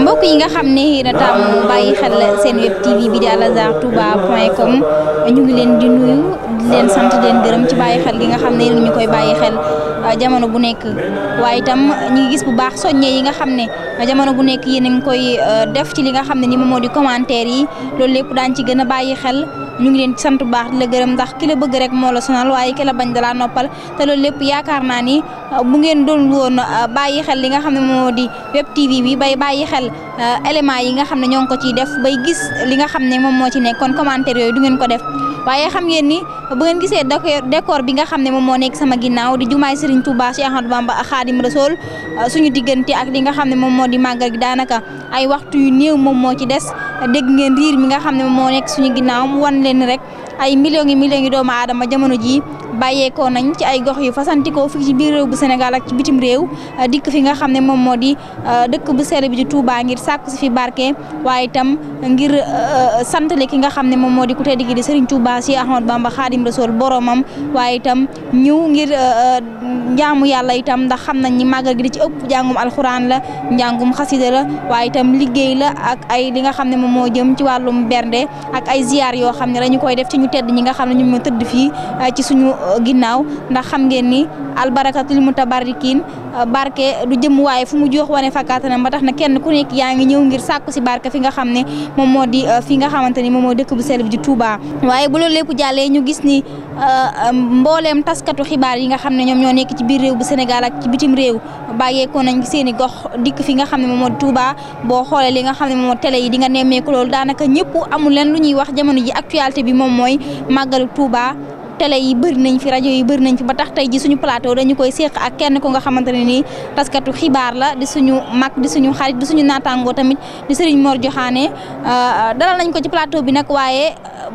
mbokk yi nga xam ne datam bàyyi xel seen web tv bi di alazhartouba point com ñu ngi leen di nuyu di leen sant di gërëm ci bàyyi xel gi nga xam ne yéen ñu koy bàyyi xel uh, jamono bu nekk waaye itam gis bu baax soññee yi nga xam ne uh, jamono bu nekk yéen a ngi koy uh, def ci li nga xam ne ni moom moo di commentaire yi loolu lépp daan ci gën a bàyyi xel ñu ngi leen sant baax di gërëm ndax ki bëgg rek moo la sonal waaye ki la bañ dalaa noppal te loolu lépp yaakaar naa ni bu ngeen doon woon bàyyi xel li nga xam ne moo di web TV bi bay bàyyi xel éléments yi nga xam ne ñoo ngi ko ciy def bay gis li nga xam ne moom moo ci nekk kon commentaire yooyu du ngeen ko def waaye xam ngeen ni bu ngeen gisee décor bi nga xam ne moom moo nekk sama ginnaaw di jumaay Serigne Touba Cheikh Ahmadou Bamba ak Khadim Rasoul euh, suñu diggante ak li nga xam ne moom moo di màggal gi daanaka ay waxtu yu néew moom moo ci des dégg ngeen riir mi nga xam ne moom moo nekk suñu ginnaaw mu wan leen rek ay millions yi millions yi doomu aadama jamono jii bàyyeekoo nañ ci ay gox yu fasantikoo fii ci biir réew bu Sénégal ak ci bitim réew euh, dikk fi nga xam ne moom moo di euh, dëkk bu sell bi di Touba ngir sàkk si fi barke waaye itam ngir euh, santale ki nga xam ne moom moo di ku tedd gi di Touba si Ahmad Bamba Xaadim Rasul boromam waaye itam ñëw ngir njaamu yàlla itam ndax xam nañ ni màggal gi di ci ëpp njàngum alxuraan la njàngum xasida la waaye itam liggéey la ak ay li nga xam ne moom moo jëm ci wàllum bernde ak ay ziyaar yoo xam ne dañu koy def ci ñu tedd ñi nga xam ne ñoom ñoo tëdd fii ci suñu ginnaaw ndax xam ngeen ni albarakatul mutabarrikin euh, barke du jëm waaye fu mu joox wane fakkaatana ba tax na kenn ku nekk yaa ngi ñëw ngir sàkku si barke fi nga xam ne moom moo di euh, fi nga xamante ni moom moo dëkk bu sell bi di Touba. waaye bu loolu lépp jàllee ñu gis ni euh, mbooleem taskatu xibaar yi nga xam ne ñoom ñoo nekk ci biir réew bu Sénégal ci bitim réew bàyyeekoo nañ seen i gox dikk fi nga xam ne moom moo di boo xoolee li nga xam ne moom moo télé yi di nga nemmeeku loolu daanaka ñëpp amul leen lu ñuy wax jamono ji actualité bi moom mooy màggalu Touba. télé yi bëri nañ fi rajo yi bëri nañ fi ba tax tey ji suñu plateau dañu koy séq ak kenn ku nga xamante ne nii taskatu xibaar la di suñu mag di suñu xarit di suñu naataangoo tamit di sëriñ Mor Joxaane euh, dalal nañ ko ci plateau bi nag waaye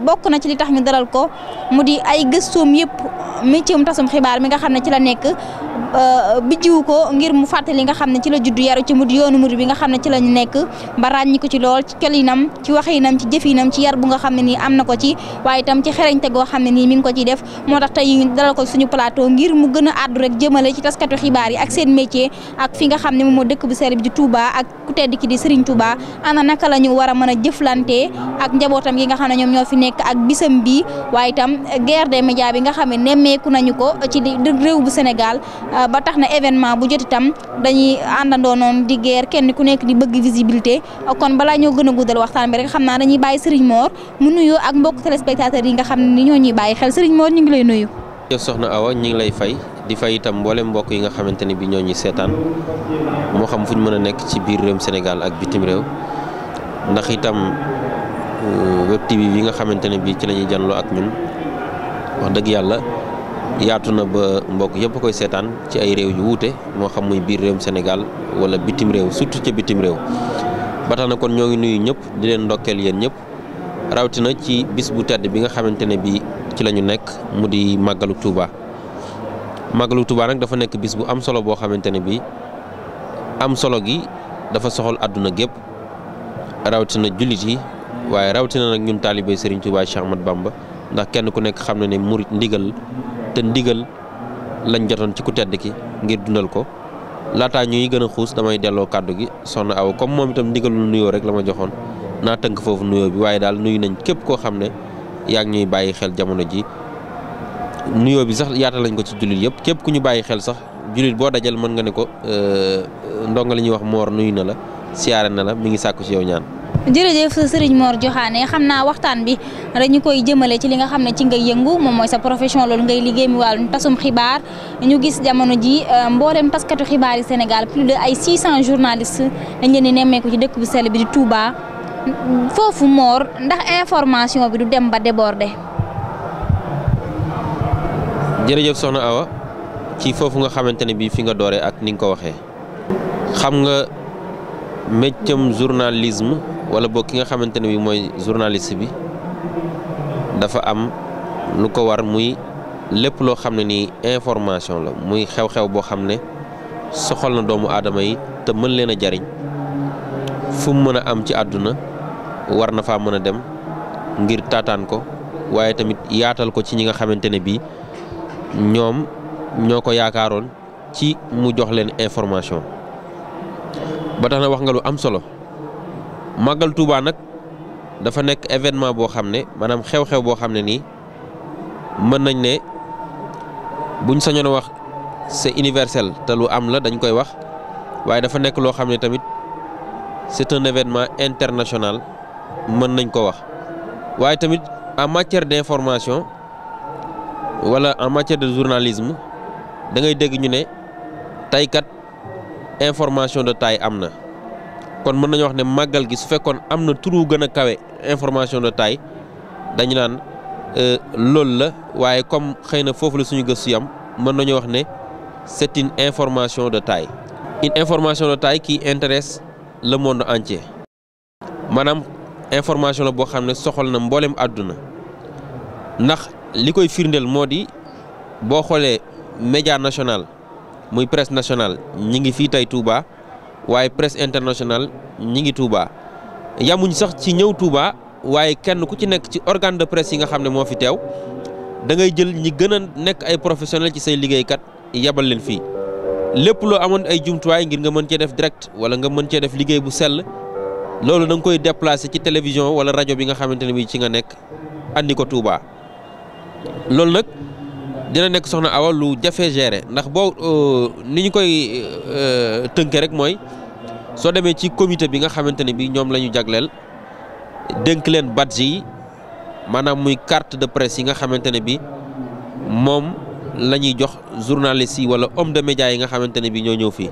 bokk na ci li tax ñu dalal ko mu di ay gëstoom yëpp métier mu tasum xibaar mi nga xam ne ci la nekk euh, bi jiw ko ngir mu fàttali nga xam ne ci la juddu yaru ci mu di yoonu murid bi nga xam ne ci la ñu nekk ba ràññi ko ci lool ci colinam ci waxinam ci jëfinam ci yar bu nga xam ne nii am na ko ci waaye itam ci xereñte goo xam ne nii mi ngi ko ciy def def moo tax tey dalal ko suñu plateau ngir mu gën a àddu rek jëmale ci taskatu xibaar yi ak seen métier ak fi nga xam ne moom moo dëkk bu seer bi di Touba ak ku tedd ki di Serigne Touba ana naka la ñu war a mën a jëflante ak njabootam gi nga xam ne ñoom ñoo fi nekk ak bisam bi waaye itam guerre des bi nga xam ne nemmeeku nañu ko ci réew bu Sénégal euh, ba tax na événement bu jot itam dañuy àndandoo noonu di guerre kenn ku nekk di bëgg visibilité kon balaa ñoo gën a rek xam naa dañuy bàyyi Serigne Mor mu nuyoo ak mbokk ñuy bàyyi xel Serigne Mor ñu ngi lay nuyu. jërëjëf soxna Awa ñu ngi lay fay di fay itam mboole mbokk yi nga xamante ne bi ñoo ñu seetaan moo xam fu ñu mën a nekk ci biir réewum Sénégal ak bitim réew ndax itam euh, web TV nga xamante ne bi ci la janloo ak ñun wax dëgg yàlla yaatu na ba mbokk yëpp koy seetaan ci ay réew yu wuute moo xam muy biir réewum Sénégal wala bitim réew surtout ca bitim réew ba na kon ñoo ngi nuyu ñëpp di leen ndokkeel yéen ñëpp rawatina ci bis bu tedd bi nga xamante ne bi ci lañu nekk mu di màggalu Touba màggalu Touba nag dafa nekk bis bu am solo boo xamante ne bi am solo gi dafa soxal àdduna gépp rawatina jullit yi waaye rawatina nag ñun taalibee sëriñ Touba Cheikh Ahmad Bamba ndax kenn ku nekk xam na ni murit ndigal te ndigal lañ jotoon ci ku tedd ki ngir dundal ko laataa ñuy gën a xuus damay delloo kàddu gi soxna aw comme moom itam ndigal lu nuyoo rek la ma joxoon naa tënk foofu nuyoo bi waaye daal nuyu nañ képp koo xam ne. yaa ngi ñuy bàyyi xel jamono ji nuyoo bi sax yaata lañ ko ci jullit yëpp képp ku ñu bàyyi xel sax jullit boo dajal mën nga ne ko euh, ndongo li wax moor nuyu na la siyaare na la mu ngi sàkku ci yow ñaan. jërëjëf sëriñ Mor Joxaane xam naa waxtaan bi dañu koy jëmale ci li nga xam ne ci ngay yëngu moom mooy sa profession loolu ngay liggéey mu wàllum tasum xibaar ñu gis jamono ji euh, mboolem taskatu xibaar yi Sénégal plus de ay 600 journalistes dañ foofu moor ndax information bi du dem ba déborder. jërëjëf soxna Awa ci foofu nga xamante ne bii fi nga dooree ak ni nga ko waxee xam nga méccam journalisme wala boog ki nga xamante ne bii mooy journaliste bi dafa am lu ko war muy lépp loo xam ne ni information la muy xew-xew boo xam ne soxal na doomu aadama yi te mën leen a jariñ fu mu mën a am ci àdduna war na faa mën a dem ngir taataan ko waaye tamit yaatal ko ci ñi nga xamante ne bii ñoom ñoo ko yaakaaroon ci mu jox leen information ba tax na wax nga lu am solo màggal Tuubaa nag dafa nekk événement boo xam ne maanaam xew-xew boo xam ne nii mën nañ ne buñ sañoon wax c'est universel te lu am la dañ koy wax waaye dafa nekk loo xam ne tamit c'est un événement international mën nañ ko wax waaye tamit en matière d'information wala en matière de journalisme da ngay dégg ñu ne tey information de taille am na kon mën nañu wax ne màggal gi su fekkoon am na turu gën a kawe information de taille dañu naan euh, loolu la waaye comme xëy na foofu la suñu gëstu yam mën nañu wax ne c'est une information de taille information de taille qui intéresse le monde entier information la boo xam ne soxal na mboolem àdduna ndax li koy firndeel moo di boo xoolee média national muy presse national ñi ngi fii tey Touba waaye presse international ñi ngi Touba yamuñ sax ci ñëw Touba waaye kenn ku ci nekk ci organe de presse yi nga xam ne moo fi teew da ngay jël ñi gën a nekk ay professionnel ci say liggéeykat yebal leen fii lépp loo amoon ay jumtuwaay ngir nga mën cee def direct wala nga mën cee def liggéey bu sell loolu da nga koy déplacer ci télévision wala rajo bi nga xamante ne bii ci nga nekk andi ko Touba loolu nag dina nekk soxna Awa lu jafe gérer ndax boo euh, ni ñu koy euh, tënkee rek mooy soo demee ci comité bi nga xamante ne bii ñoom la ñu jagleel dénk leen bat yi maanaam muy carte de presse yi nga xamante ne bii moom lañuy ñuy jox journaliste yi wala homme de média yi nga xamante ne bii ñoo ñëw fii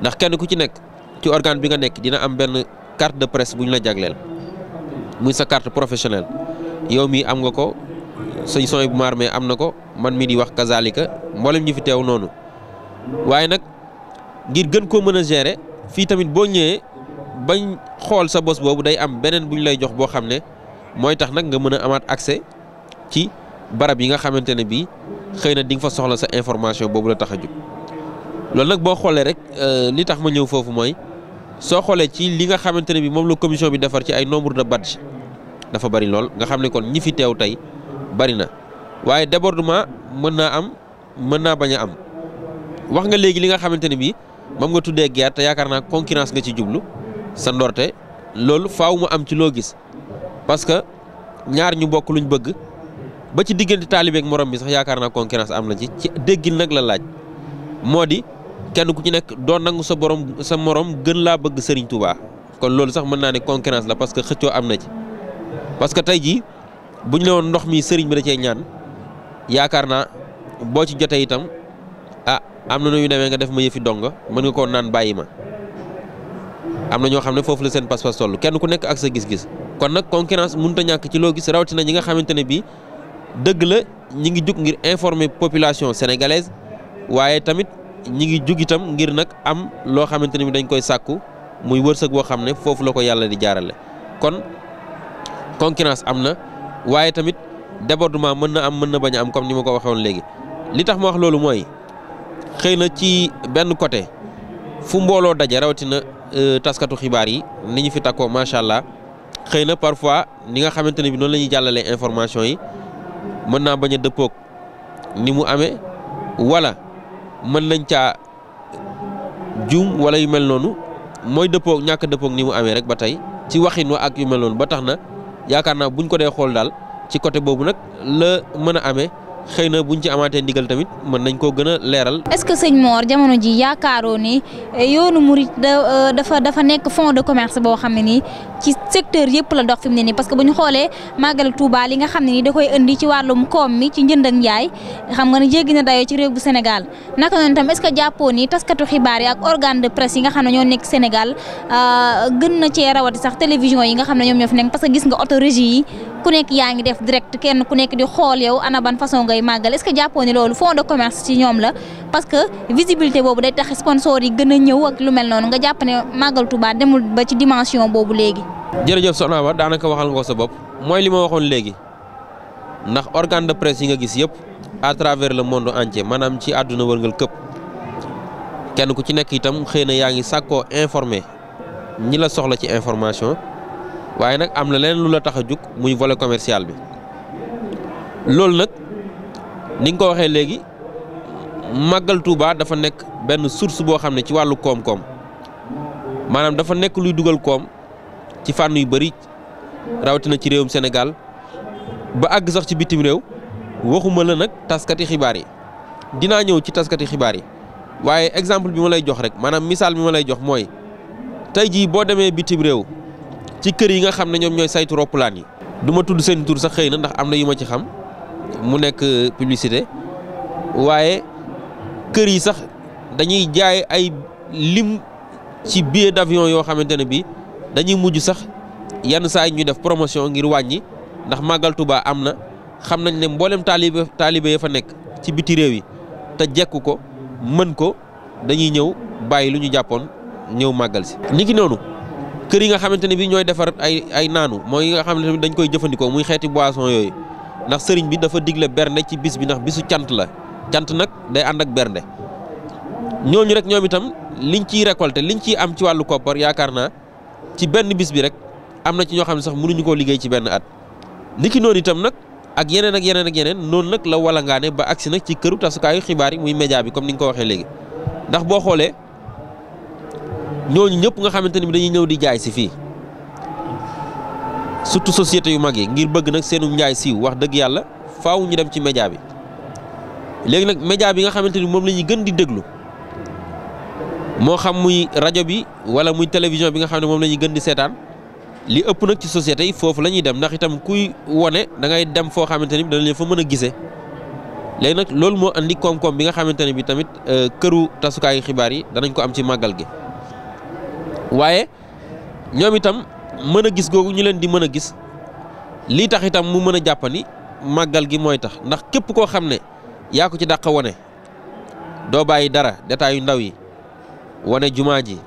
ndax kenn ku ci nekk ci organe bi nga nekk dina am benn. carte de presse bu ñu la jagleel muy sa carte professionnelle yow mii am nga ko sëñ sooy bu maar mais am na ko man mii di wax kazalika mboolem ñu fi teew noonu waaye nag ngir gën koo mën a gérer fii tamit boo ñëwee bañ xool sa bos boobu day am beneen bu ñu lay jox boo xam ne mooy tax nag nga mën a amaat accès ci barab yi nga xamante ne bii xëy na di fa soxla sa information boobu la tax a jóg loolu nag boo xoolee rek ni euh, tax ma ñëw foofu mooy. soo xoolee ci li nga xamante ne bi moom la commission bi defar ci ay nombre de badge dafa bari lool nga xam ne kon ñi fi teew tey bari na waaye débordement mën naa am mën naa bañ a am wax nga léegi li nga xamante ni bi moom nga tuddee guerre te yaakaar naa concurrence nga ci jublu sa ndorte loolu faaw mu am ci loo gis parce que ñaar ñu bokk luñ bëgg ba ci diggante taalibe ak morom bi sax yaakaar naa concurrence am na ci ci déggi nag la laaj moo di kenn ku ci nekk doo nangu sa borom sa morom gën laa bëgg sëriñ Touba kon loolu sax mën naa ne concurrence la parce que xëccoo am na ci parce que tey jii bu ñu la woon ndox mi Serigne bi da cee ñaan yaakaar naa boo ci jotee itam ah am na nuyu demee nga def ma yëfi dong mën nga koo naan bàyyi ma am na ñoo xam ne foofu la seen pas-pas toll kenn ku nekk ak sa gis-gis kon nag concurrence munta ñàkk ci loo gis rawatina ñi nga xamante ne bii dëgg la ñi ngi jug ngir informer population sénégalaise waaye tamit. ñi ngi jug itam ngir nag am loo xamante ne bi dañ koy sàkku muy wërsëg boo xam ne foofu la ko yàlla di jaarale kon concurrence am na waaye tamit débordement mën na am mën na bañ am comme ni ma ko waxee léegi li tax ma wax loolu mooy xëy na ci benn côté fu mbooloo daje rawatina euh, taskatu xibaar yi ni ñu fi takkoo macha allah xëy na parfois ni nga xamante ne bi noonu lañuy ñuy jàllalee information yi mën naa bañ a dëppoog ni mu amee wala mën nañ caa juum wala yu mel noonu mooy dëppoog ñàkk dëppoog ni mu amee rek ba tey ci waxin wa ak yu mel noonu ba tax na yaakaar naa buñ ko dee xool daal ci côté boobu nag la mën a amee xëy na buñ ci amaatee ndigal tamit mën nañ koo gën a leeral. est-ce que sëñ Mor jamono ji yaakaaroo ni eh, yoonu murit eh, dafa dafa nekk fond de commerce boo xam ne nii ci secteur yëpp la dox fi ne nii parce que bu ñu xoolee màggal Touba li nga xam ne nii da koy indi ci wàllum koom mi ci njënd ak njaay nga ne jéggi na dayoo ci réew Sénégal naka noonu tam est-ce jàppoo ni taskatu xibaar yi ak organe de nga xam ne ñoo nekk Sénégal euh, gën na cee rawati sax télévision yi nga xam ne ñoom ñoo fi nekk parce que gis nga autorégis yi ku nekk yaa ngi def direct kenn ku nekk di xool yow ana ban façon ngay màggal est-ce que jàppoo ni loolu fond de commerce ci ñoom la parce que visibilité boobu day tax sponsor yi gën a ñëw ak lu mel noonu nga jàppane ne màggal Touba demul ba ci dimension boobu léegi. jërëjëf soxna Awa daanaka waxal nga sa bopp mooy li ma waxoon léegi ndax organe de presse yi nga gis yëpp à travers le monde entier maanaam ci àdduna wërngal këpp kenn ku ci nekk itam xëy na yaa ngi sàkkoo informé ñi la soxla ci information. waaye nag am na leneen lu la tax a jug muy volet commercial bi loolu nag ni nga ko waxee léegi màggal Touba dafa nekk benn source boo xam ne ci wàllu koom-koom maanaam dafa nekk luy dugal koom ci fànn yu bëri rawatina ci réewum Sénégal ba àgg sax ci bitim réew waxuma la nag taskati xibaar yi dinaa ñëw ci taskati xibaar yi waaye exemple bi ma lay jox rek maanaam misaal bi ma lay jox mooy tey jii boo demee bitim réew. ci kër yi nga xam ne ñoom ñooy saytu roppalaan yi du ma tudd seen tur sax xëy na ndax am na yu ma ci xam mu nekk euh, publicité waaye kër yi sax dañuy jaay ay lim ci billet d'avion yoo xamante ne bi dañuy mujj sax yenn saa yi ñu def promotion ngir wàññi ndax màggal Tuubaa am na xam nañ ne mboolem taalibe taalibe ya fa nekk ci biti réew yi te jekk ko mën ko dañuy ñëw bàyyi lu ñu jàppoon ñëw màggal si niki noonu kër yi nga xamante ne bi ñooy defar ay ay naanu mooy nga xamante ne dañ koy jëfandikoo muy xeeti boisson yooyu ndax sëriñ bi dafa digle bernde ci bis bi ndax bisu cant la cant nag day ànd ak bernde ñooñu rek ñoom itam liñ ciy récolté liñ ciy am ci wàllu koppar yaakaar naa ci benn bis bi rek am na ci ñoo xam ne sax munuñu koo liggéey ci benn at niki noonu itam nag ak yeneen ak yeneen ak yeneen noonu nag la walangaane ba agsi nag ci kër këru tasukaayu xibaar yi muy média bi comme ni nga ko waxee léegi ñooñu ñëpp nga xamante ni bi dañuy ñëw di jaay si fii surtout société yu mag yi ngir bëgg nag seenu njaay siiw wax dëgg yàlla faaw ñu dem ci média bi léegi nag média bi nga xamante ni moom la ñuy gën di déglu moo xam muy rajo bi wala muy télévision bi nga xam ne moom lañuy gën di seetaan li ëpp nag ci société yi foofu la ñuy dem ndax itam kuy wone da ngay dem foo xamante ni bi dana leen fa mën a gisee léegi nag loolu moo indi koom-koom bi nga xamante ne bi tamit euh, këru tasukaayu xibaar yi danañ ko am ci màggal gi waaye ñoom itam mën a gis googu ñu leen di mën a gis lii tax itam mu mën a jàppani màggal gi mooy tax ndax képp koo xam ne yaa ko ci dàq wane doo bàyyi dara détail yu ndaw yi wane jumaa ji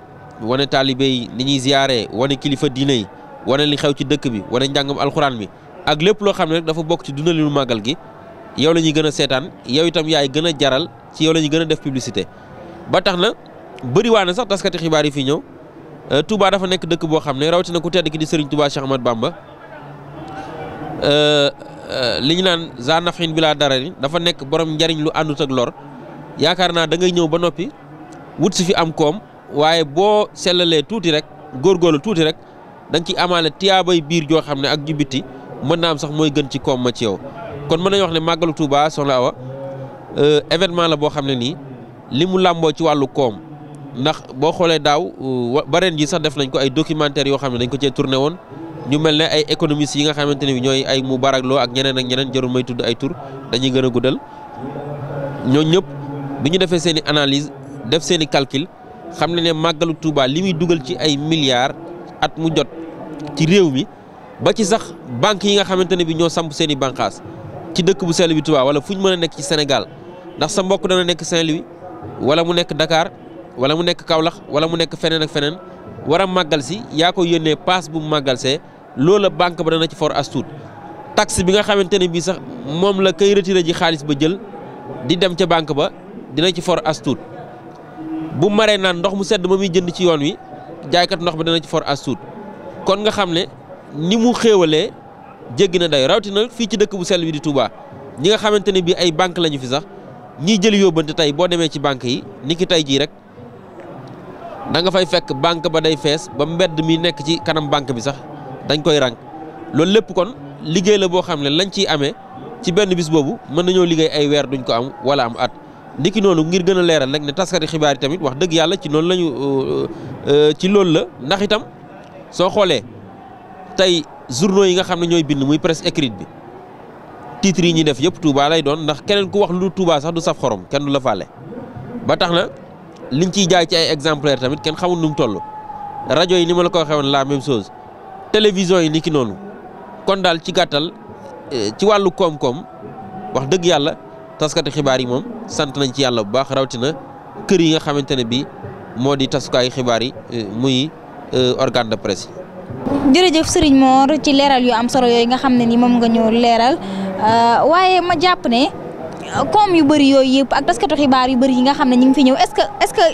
wane taalibe yi ni ñuy ziyaare wane kilifa diine yi wane li xew ci dëkk bi wane njàngam alxuraan bi ak lépp loo xam ne rek dafa bokk ci dundalinu màggal gi yow la ñuy gën a seetaan yow itam yaay gën a jaral ci yow la ñuy gën a def publicité ba tax na bëri waa na sax taskati xibaar yi fi ñëw Euh, Touba dafa nekk dëkk boo xam ne rawatina ku tedd ki di Serigne Touba Cheikh Ahmad Bamba euh, euh, li ñu naan za nafin bi laa dara ni dafa nekk borom njariñ lu àndut ak lor yaakaar naa da ngay ñëw ba noppi wut si fi am koom waaye boo sellalee tuuti rek góorgóorlu tuuti rek da nga ciy amaale tiyaabay biir joo xam ne ak ju mën naa am sax mooy gën ci koom ma ci yow. kon mën nañu wax ne màggalu Touba soxna Awa événement la boo xam ne nii li mu làmboo ci wàllu koom. ndax boo xoolee daaw bareen ji sax def nañ ko ay documentaire yoo xam ne dañ ko cee tourné woon ñu mel ne ay économistes yi nga xamante ne bi ñooy ay Moubarak Lo ak ñeneen ak ñeneen may tudd ay tur dañuy gën a guddal ñoo ñëpp bi ñu defee seen i analyse def seeni i calcul xam ne ne màggalu Touba li muy dugal ci ay milliards at mu jot ci réew mi ba ci sax banques yi nga xamante ne bi ñoo samp seen i bànqaas ci dëkk bu sell bi Touba wala fu ñu mën a nekk ci Sénégal ndax sa mbokk dana nekk Saint-Louis wala mu nekk Dakar wala mu nekk Kaolack wala mu nekk feneen ak feneen war a màggal si yaa ko yónnee paas bu mu màggal see loola banque ba dana ci for as tuut bi nga xamante ne bii sax moom la kay retiré ji xaalis ba jël di dem ca banque ba dina ci for as bu maree naan ndox mu sedd ba muy jënd ci yoon wi jaaykat ndox bi dana ci for as tuut kon nga xam ne ni mu xéewalee jéggi na day rawatina fii ci dëkk bu sell bi di Touba ñi nga xamante ne bii ay banque lañu fi sax ñiy jël yóbbante tey boo demee ci banque yi da nga fay fekk banque ba day fees ba mbedd mi nekk ci kanam banque bi sax dañ koy rang loolu lépp kon liggéey la boo xam ne lañ ciy amee ci benn bis boobu mën nañoo liggéey ay weer duñ ko am wala am at. ndiki noonu ngir gën a leeral rek ne taskati xibaar yi tamit wax dëgg yàlla ci noonu lañu euh, euh, ci loolu la ndax itam soo xoolee tey journaux yi nga xam ne ñooy bind muy presque écrite bi titres yi ñuy def yëpp Touba lay doon ndax keneen ku wax lu Touba sax du saf xorom kenn du la faale liñ ciy jaay ci ay exemplaires tamit kenn xamul nu mu rajo yi ni ma la ko waxee woon la même chose télévision yi ni ki noonu kon daal ci gàttal eh, ci wàllu koom-koom wax dëgg yàlla taskati xibaar yi moom sant nañ ci yàlla bu baax rawatina kër yi nga xamante ne bii moo di tasukaayu xibaar yi eh, muy eh, organe de presse yi. nga xam ne ni moom nga ñu leeral euh, waaye ma jàpp ne. comme yu bari yooyu yëpp ak taskatu xibaar yu bëri yi nga xam ne ñu ngi fi ñëw est-ce que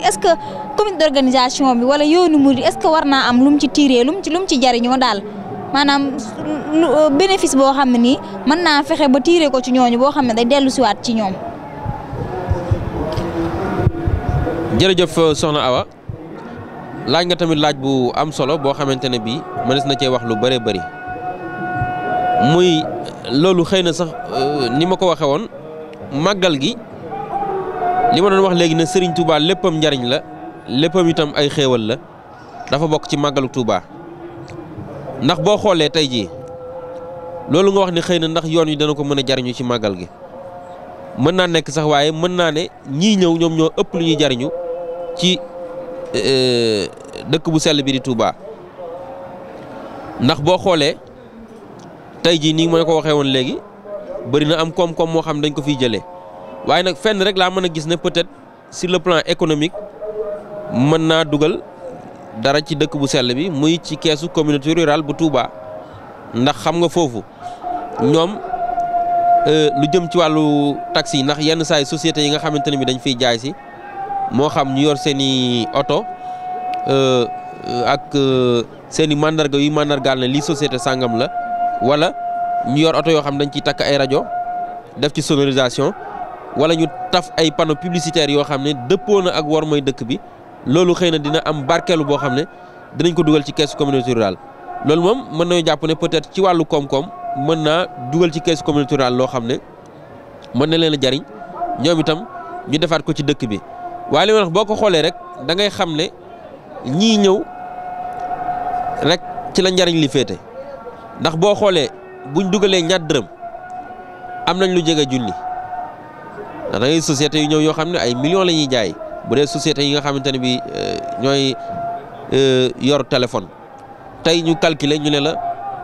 est-ce que est d'organisation bi wala yoonu murid est-ce que war naa am lu mu ci tiiree lu mu ci lu mu ci jariñoo daal maanaam euh, bénéfice boo xam ne nii mën naa fexe ba tiiree ko ci ñooñu boo xam ne day dellu siwaat ci ñoom. jërëjëf euh, soxna Awa laaj nga tamit laaj bu am solo boo xamante ne bii ma mënees na cee wax lu bëree bari muy loolu xëy na sax euh, ni ma ko waxee woon màggal gi li ma doon wax léegi ne Serigne Touba léppam njariñ la léppam itam ay xéewal la dafa bokk ci màggalu Touba ndax boo xoolee tey jii loolu nga wax ne xëy na ndax yoon wi dana ko mën a jariñu ci màggal gi mën naa nekk sax waaye mën naa ne ñii ñëw ñoom ñoo ëpp lu ñuy jariñu ci e, e, dëkk bu sell bi di Touba ndax boo xoolee tey jii nii ma ko waxee woon léegi. bari na am koom-koom moo xam dañ ko fiy jëlee waaye nag fenn rek laa mën a gis ne peut-être sur le plan économique mën naa dugal dara ci dëkk bu sell bi muy ci keesu communauté rural bu Touba ndax xam nga foofu ñoom euh, lu jëm ci wàllu taxi ndax yenn saay sociétés yi nga xamante ne bi dañ fiy jaay si moo xam ñu yor seen i oto euh, ak euh, seen i mandarga yu mandargaal ne lii société sàngam la ñu yor oto yoo xam dañ ciy takk ay rajo def ci sonorisation wala ñu taf ay pano publicitaires yoo xam ne dëppoo na ak war mooy dëkk bi loolu xëy na dina am barkeelu boo xam ne dinañ ko dugal ci caisse communauté rurale loolu moom mën nañu jàpp ne peut-être ci wàllu koom-koom mën naa dugal ci caisse communauté rurale loo xam ne mën na leen a jariñ ñoom itam ñu defaat ko ci dëkk bi waaye li ma wax boo ko xoolee rek da ngay xam ne ñii ñëw rek ci la njariñ li féete ndax ñu dugalee ñaar dërëm am nañ lu jege junni ndax da ngay yu ñëw yoo xam ne ay millions lañuy jaay bu dee sociétés yi nga xamante ne bi euh, ñooy euh, yor téléphone tey ñu calculer ñu ne la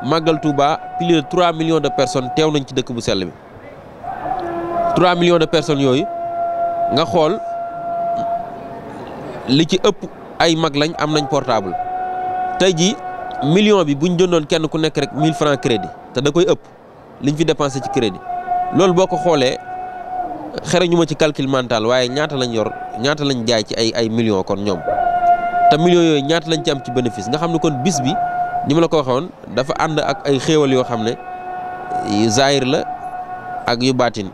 màggal Touba plus de 3 millions de personnes teew nañ ci dëkk bu sell bi 3 millions de personnes yooyu nga xool li ci ëpp ay mag lañ am nañ portable te ji million bi buñ jondoon kenn ku nekk rek mille francs crédit te da koy ëpp liñ fi dépensé ci crédit loolu boo ko xoolee xereñu ma ci calcul waaye ñaata lañu yor ñaata lañ jaay ci ay ay millions kon ñoom te millions yooyu ñaata lañ ci am ci bénéfice nga xam ne kon bis bi ni ma la ko waxoon dafa ànd ak ay xéewal yoo xam ne yu zaahir la ak yu baatin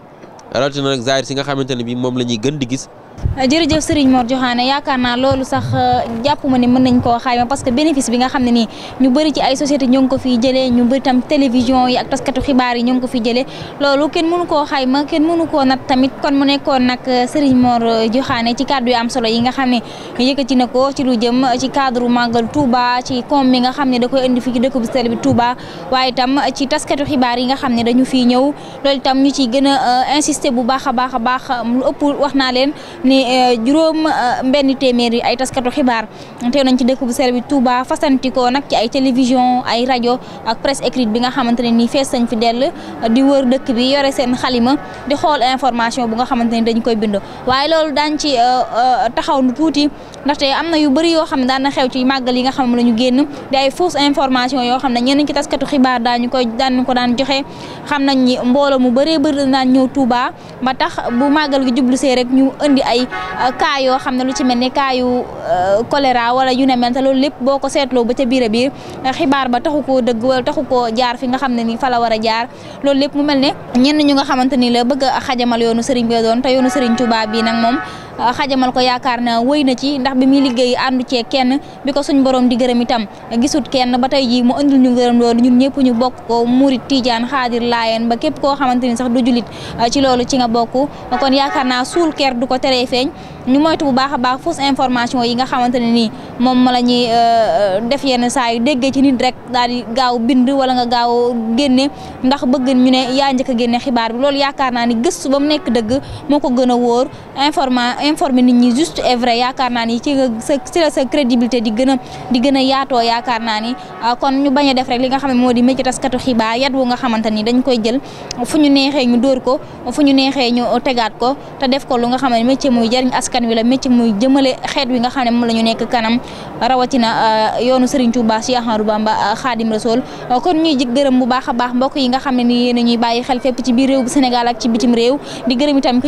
rawatina nag zaahir si nga xamante ne bi moom la ñuy gën di gis jërëjëf sëriñ Mor Diokhane yaakaar naa loolu sax euh, jàpp ma ne mën nañ koo xayma parce que bénéfice bi nga xam ne nii ñu bëri ci ay société ñoo ngi ko fiy jëlee ñu bëri tam télévision yi ak taskatu xibaar yi ñoo ngi ko fiy jëlee loolu kenn mënu koo xayma kenn mënu koo nat tamit kon mu nekkoon nag euh, Serigne Mor euh, Diokhane ci kàddu yu am solo yi nga xam ne yëkkati na ko ci lu jëm ci cadre màggal Touba ci koom mi nga xam ne da koy indi fi ci dëkk bi Touba waaye tam ci taskatu xibaar yi nga xam ne dañu fiy ñëw loolu itam ñu ciy gën a insister bu baax a baax a baax lu ëpp wax naa leen ni eh, juróom eh, mbenn téeméer yi ay taskatu xibaar teew nañ ci dëkk bu sell bi Touba fasantikoo nag ci ay télévision ay rajo ak presse écrite bi nga xamante ne nii fees nañ di wër dëkk bi yore seen xalima di xool information bu nga xamante ne dañ koy bind waaye loolu daañ ci eh, taxaw nu tuuti ndaxte am na yu bari yoo xam ne daan na xew ci màggal yi nga xam ne ñu génn di ay fausse information yoo xam ne ñenn ci taskatu xibaar daañu koy daan ko daan joxe xam nañ ni mbooloo mu bëree bëri daan ñëw ba tax bu màggal gi ay euh, cas yoo xam ne lu ci mel ni cas yu euh, choléra wala yu ne mel te loolu lépp boo ko seetloo ba ca biir a biir euh, xibaar ba taxu koo dëgg wala taxu koo jaar fi nga xam ne ni fa la war a jaar loolu lépp mu mel ne ñenn ñu nga xamante ni la bëgg xajamal yoonu Serigne bi doon te yoonu sëriñ Touba bi nag moom xajamal ko yaakaar naa wëy na ci ndax bi muy liggéey àndu cee kenn bi ko suñ borom di gërëm itam gisut kenn ba tey jii mu andil ñu gërëm loolu ñun ñëpp ñu bokk ko murit tijaan xaadir laayeen ba képp koo xamante ni sax du julit uh, ci loolu ci nga bokk kon yaakaar naa suul ker du ko teree feeñ ñu moytu bu baax a baax fausse information yi nga xamante ne nii moom la ñuy uh, uh, def yenn saa yu déggee ci nit rek daal di gaaw bind wala nga gaaw génne ndax bëgg ñu ne yaa njëkk a génne xibaar bi loolu yaakaar naa ni gëstu ba mu nekk dëgg moo ko gën a wóor informa informer nit ñi juste et vrai yaakaar naa ni ci sa la sa crédibilité di gën a a yaakaar naa ni ah, kon ñu bañ a def rek li nga xam ne moo di métier taskatu xibaar yat wu nga xamante ni dañ koy jël fu ñu neexee ñu dóor ko fu ñu neexee ñu tegaat ko te def ko lu nga xam ne métier muy jëriñ askan wi la métier muy jëmale xeet wi nga xam ne moom la ñu nekk kanam rawatina ah, yoonu Serigne Touba Cheikh Ahmadou Bamba ah, Khadim Rassoul kon ñuy jig gërëm bu baax a baax mbokk yi nga xam a ñuy bàyyi xel fépp ci biir réew bu Sénégal ak ci bitim réew di gërëm itam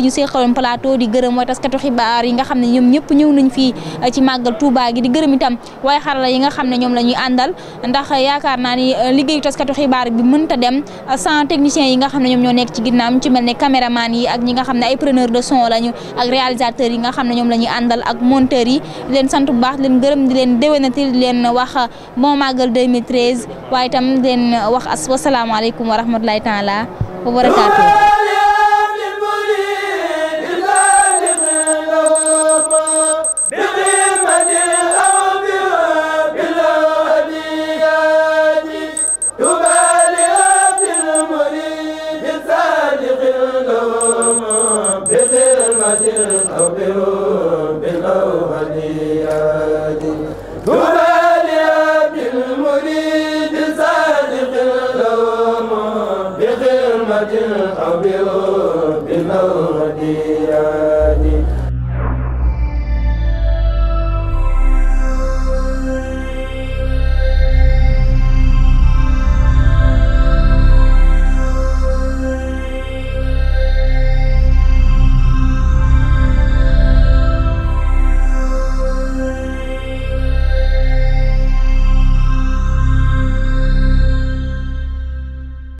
ki xibaar yi nga xam ne ñoom ñëpp ñëw nañ fii eh, ci màggal Touba gi di gërëm itam waaye xarala yi nga xam ne ñoom la ñuy àndal ndax eh, yaakaar naa ni eh, liggéeyu taskatu xibaar bi mënta dem sant technicien yi nga xam ne ñoom ñoo nekk ci ginnaam ci mel ne caméraman yi ak ñi nga xam ne ay preneur de son lañu ak réalisateur yi nga xam ne ñoom la ñuy àndal ak monteur yi leen sant bu baax leen gërëm di leen déwénati di leen wax bon màggal 2013 waaye itam di leen wax as wasalaamaaleykum wa rahmatulahi taala wa barakaatu قادر أو